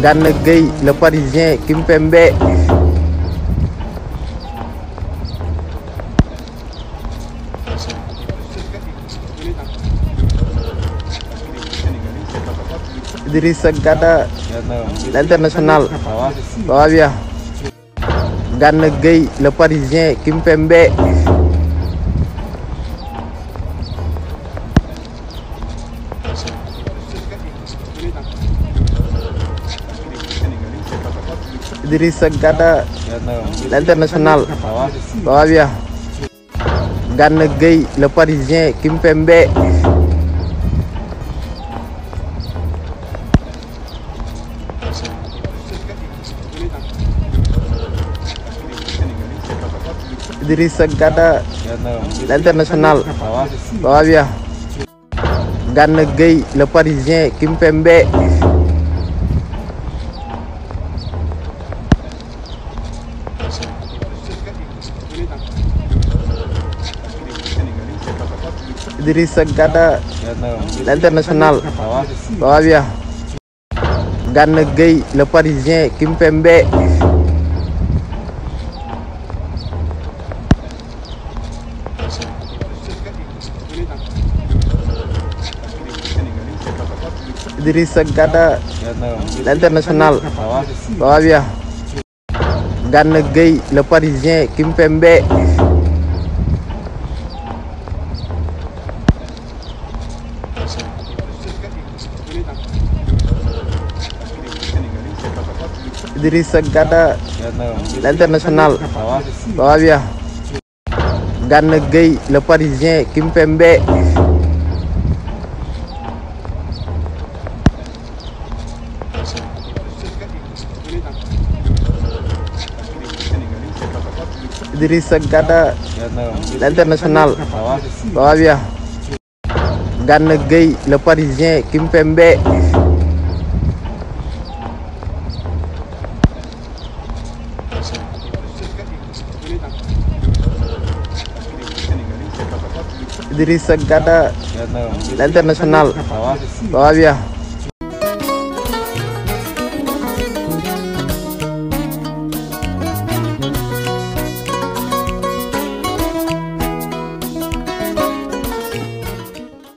Dan gay le Parisien Kimpembe segala Gana l'international ça va dan Gana le Parisien Kimpembe diri segada l'international ça va bien Gana gay le parisien Kimpembe diri segada l'international ça va bien Gana gay le parisien Kimpembe Diri Sagada internasional, bawa dia bien Gana Gay, le Parisien, Kimpembe Idrissa Gada International Ça Gagne le Parisien, Kimpembe. Idrissa Gada, l'international. Ça va bien. le Parisien, Kimpembe. diri Idrissa l'international. Ça va bien. Gana gay le Parisien, Kimpembe. diri Gana, l'international. Ça va bien.